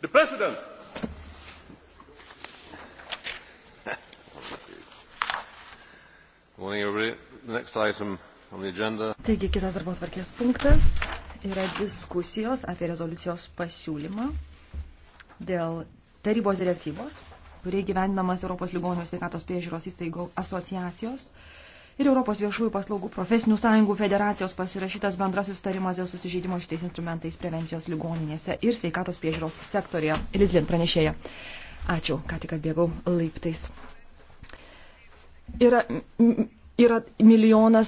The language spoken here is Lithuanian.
The President. Morning, everybody. The next item on the agenda. Taigi kitas darbos varkės punktas yra diskusijos apie rezoliucijos pasiūlymą dėl tarybos direktyvos, kurie gyvendinamas Europos ligonių sveikatos priežiūros įstaigų asociacijos ir Europos viešųjų paslaugų profesinių sąjungų federacijos pasirašytas bendrasis sutarimas dėl susižeidimo šitais instrumentais prevencijos ligoninėse ir sveikatos priežiūros sektorėje. Elizlin pranešėja. Ačiū, ką tik atbėgau laiptais. Yra, yra milijonas